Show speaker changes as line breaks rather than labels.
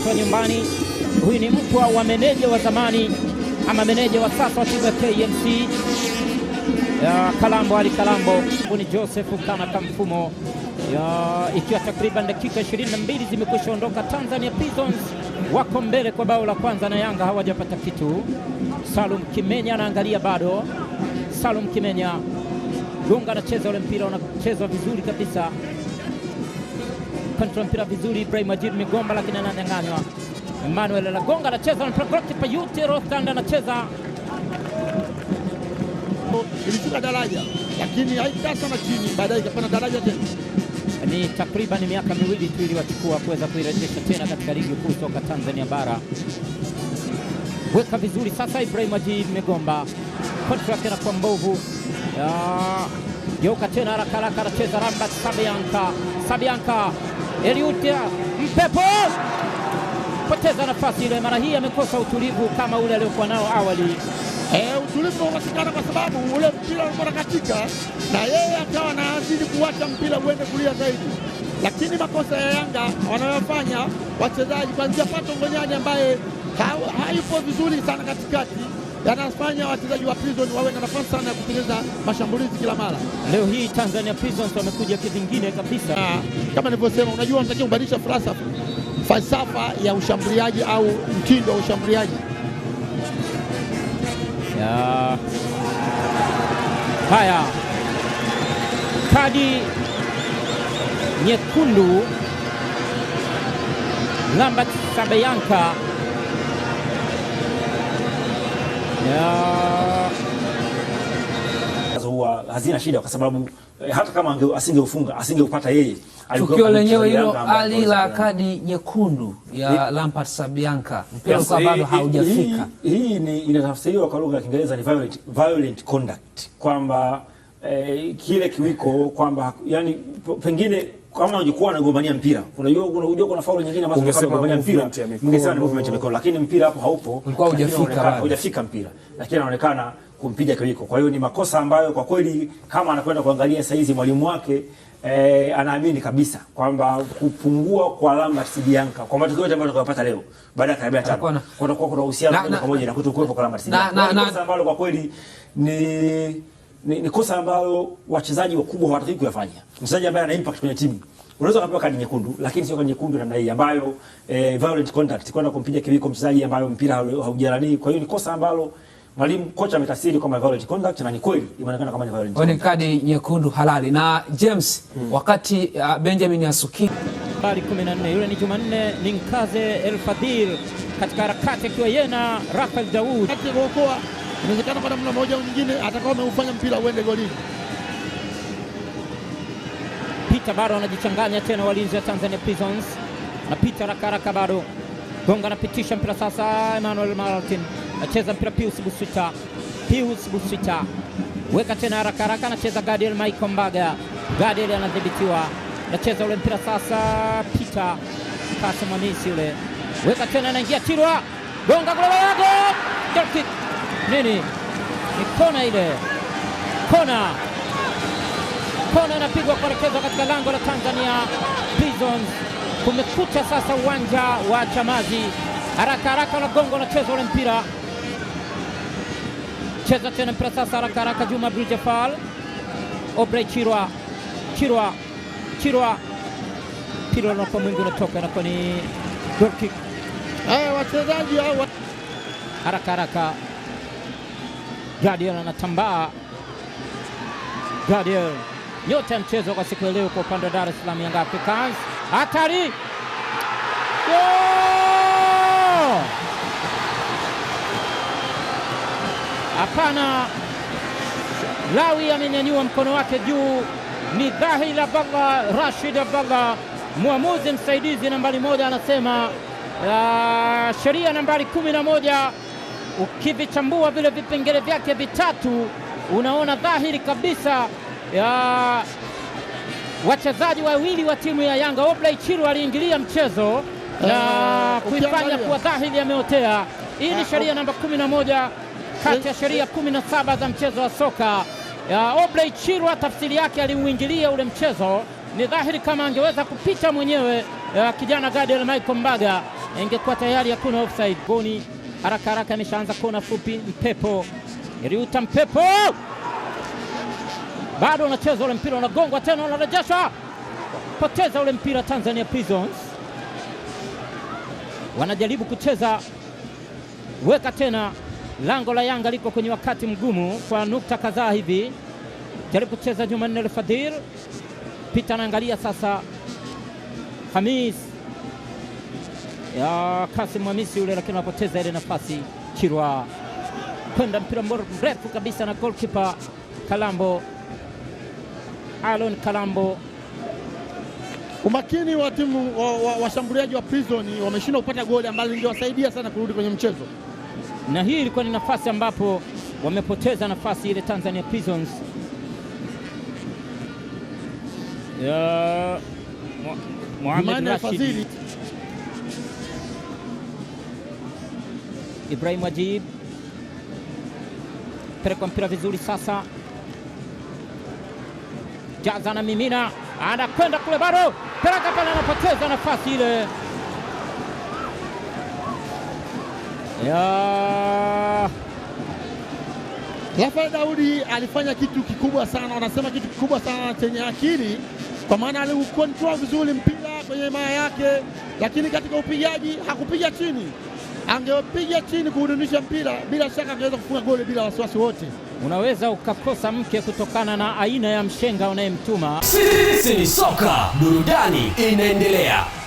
kutoka nyumbani. Huyu ni mpwa wa meneja wa zamani ama meneja wa sasa wa timu ya KMC ya Kalambo Ali Kalambo ni Joseph Kana Kamfumo ya, ikiwa takriban dakika 22 zimekwisha ondoka, Tanzania Prisons wako mbele kwa bao la kwanza na Yanga hawajapata kitu. Salum Kimenya anaangalia bado. Salum Kimenya Dunga anacheza ule mpira, unachezwa vizuri kabisa kontrol mpira vizuri, Ibrahim Majid Migomba, lakini ananyang'anywa. Emmanuel Lagonga anacheza na Payute Rostand anacheza ilishuka daraja lakini haikasana chini, baadaye ikapanda daraja tena. Ni takriban miaka miwili tu iliwachukua kuweza kuirejesha tena katika ligi kuu soka Tanzania bara. Weka vizuri sasa, Ibrahim Haji Megomba, kontra tena kwa mbovu, ya geuka tena haraka haraka, anacheza Rambat Sabianka, Sabianka Eliutia Mpepo poteza nafasi ile. Mara hii amekosa utulivu kama ule aliokuwa nao awali. Eh, utulivu ukasikana kwa sababu ule mpira ulikuwa unakatika na yeye akawa anazidi kuwacha mpira uende kulia zaidi, lakini makosa ya Yanga wanayofanya wachezaji kuanzia Pato Ngonyani ambaye hayupo vizuri sana katikati yanafanya wachezaji wa Prison wawe na nafasi sana ya kutengeneza mashambulizi kila mara. Leo hii Tanzania Prisons wamekuja kivingine kabisa. kama nilivyosema, unajua unatakiwa kubadilisha falsafa falsafa ya ushambuliaji au mtindo wa ushambuliaji ya. Haya, kadi nyekundu Lambert Sabeyanka yeah. Huwa hazina shida kwa sababu eh, hata kama asingeufunga asingeupata yeye. Tukio lenyewe hilo ali la kadi nyekundu ya Lampard Sabianka, mpira kwa bado haujafika. Hii ni inatafsiriwa kwa lugha ya Kiingereza ni violent, violent conduct kwamba eh, kile kiwiko kwamba yani pengine kama ungekuwa anagombania mpira, unajua unajua kuna faulu nyingine ambazo kama anagombania mpira, ungesema ni movement ya mikono, lakini mpira hapo haupo, ulikuwa hujafika hujafika mpira, lakini anaonekana kumpiga kiwiko. Kwa hiyo ni makosa ambayo kwa kweli kama anakwenda kuangalia saa hizi mwalimu wake eh, anaamini kabisa kwamba kupungua kwa alama Sidianka kwa matokeo yote ambayo tunayopata leo baada ya karibia tano kutakuwa kuna uhusiano pamoja na kutokuwepo kwa alama Sidianka, ambalo kwa kweli ni ni, ni kosa ambalo wachezaji wakubwa hawataki kuyafanya. Mchezaji ambaye ana impact kwenye timu unaweza kupewa kadi nyekundu, lakini sio kadi nyekundu namna hii ambayo eh, violent conduct kwenda kumpiga kiwiko mchezaji ambayo mpira haujarani. Kwa hiyo ni kosa ambalo mwalimu kocha ametafsiri kama violent conduct na ni kweli imeonekana kama ni violent conduct. ni kadi nyekundu halali. Na James hmm. wakati uh, Benjamin Asuki bali 14 yule ni Jumanne ni Nkaze El Fadil katika harakati akiwa yeye na Rafael Daoud akiokoa inawezekana kwa namna moja au nyingine atakao ameufanya mpira uende golini. Peter bado anajichanganya tena, walinzi wa Tanzania Prisons napita haraka haraka, bado Gonga anapitisha mpira sasa. Emmanuel Martin anacheza mpira Pius Buswita, Pius Buswita weka tena haraka haraka, anacheza Gadiel Michael Mbaga, Gadiel anadhibitiwa, anacheza ule mpira sasa, Peter pasi mwamisi ule, weka tena, anaingia Tirwa Gonga gol! nini? Ni kona ile, kona kona inapigwa kuelekezwa katika lango la Tanzania Prisons. Kumekucha sasa uwanja wa Chamazi, haraka haraka na gongo na chezo ule mpira, cheza tena mpira sasa haraka haraka, Juma Bridge Fall Obrey Chirwa Chirwa Chirwa Chirwa, nakuwa mwingi unatoka, nakuwa ni goal kick. Haya eh, wachezaji hao haraka haraka Gadiel anatambaa. Gadiel, nyota ya mchezo kwa siku ya leo kwa upande wa Dar es Salaam Yanga Africans. Hatari! Hapana, Lawi amenyanyua mkono wake juu. Ni Dhahil Abdallah Rashid Abdallah, mwamuzi msaidizi nambari moja, anasema uh, sheria nambari kumi na moja ukivichambua vile vipengele vyake vitatu unaona dhahiri kabisa ya wachezaji wawili wa timu ya Yanga. Oblai Chiru aliingilia mchezo na eh, kuifanya kuwa dhahiri ameotea. Hii ni eh, sheria namba 11 kati ya eh, sheria 17 za mchezo wa soka. Oblai Chiru tafsiri yake aliuingilia ule mchezo, ni dhahiri kama angeweza kupita mwenyewe ya kijana Gadiel Michael Mbaga ingekuwa tayari hakuna offside goni haraka haraka, ameshaanza kona fupi. Mpepo Riuta, Mpepo bado unacheza ule mpira, unagongwa tena, unarejeshwa, poteza ule mpira. Tanzania Prisons wanajaribu kucheza, weka tena, lango la Yanga liko kwenye wakati mgumu kwa nukta kadhaa hivi, jaribu kucheza Jumanne Elfadhir pita, anaangalia sasa Hamis ya Kasim Mwamisi yule, lakini anapoteza ile nafasi. Chirwa kwenda mpira mrefu kabisa na goalkeeper Kalambo, Alon Kalambo. Umakini wa timu washambuliaji wa, wa, wa Prison wameshindwa kupata goli ambalo lingewasaidia sana kurudi kwenye mchezo, na hii ilikuwa ni nafasi ambapo wamepoteza nafasi ile Tanzania Prisons ya Muhammad Rashid Ibrahim Ajib pelekwa mpira vizuri, sasa Jaza na mimina anakwenda kule, bado Peraka pale anapoteza nafasi ile ya Rafael Daudi alifanya kitu kikubwa sana, wanasema kitu kikubwa sana chenye akili, kwa maana aliukontrol vizuri mpira kwenye maya yake, lakini katika upigaji hakupiga chini angepiga chini kudunisha mpira, bila shaka angeweza kufunga goli bila wasiwasi wote. Unaweza ukakosa mke kutokana na aina ya mshenga unayemtuma. Sisi ni soka, burudani inaendelea.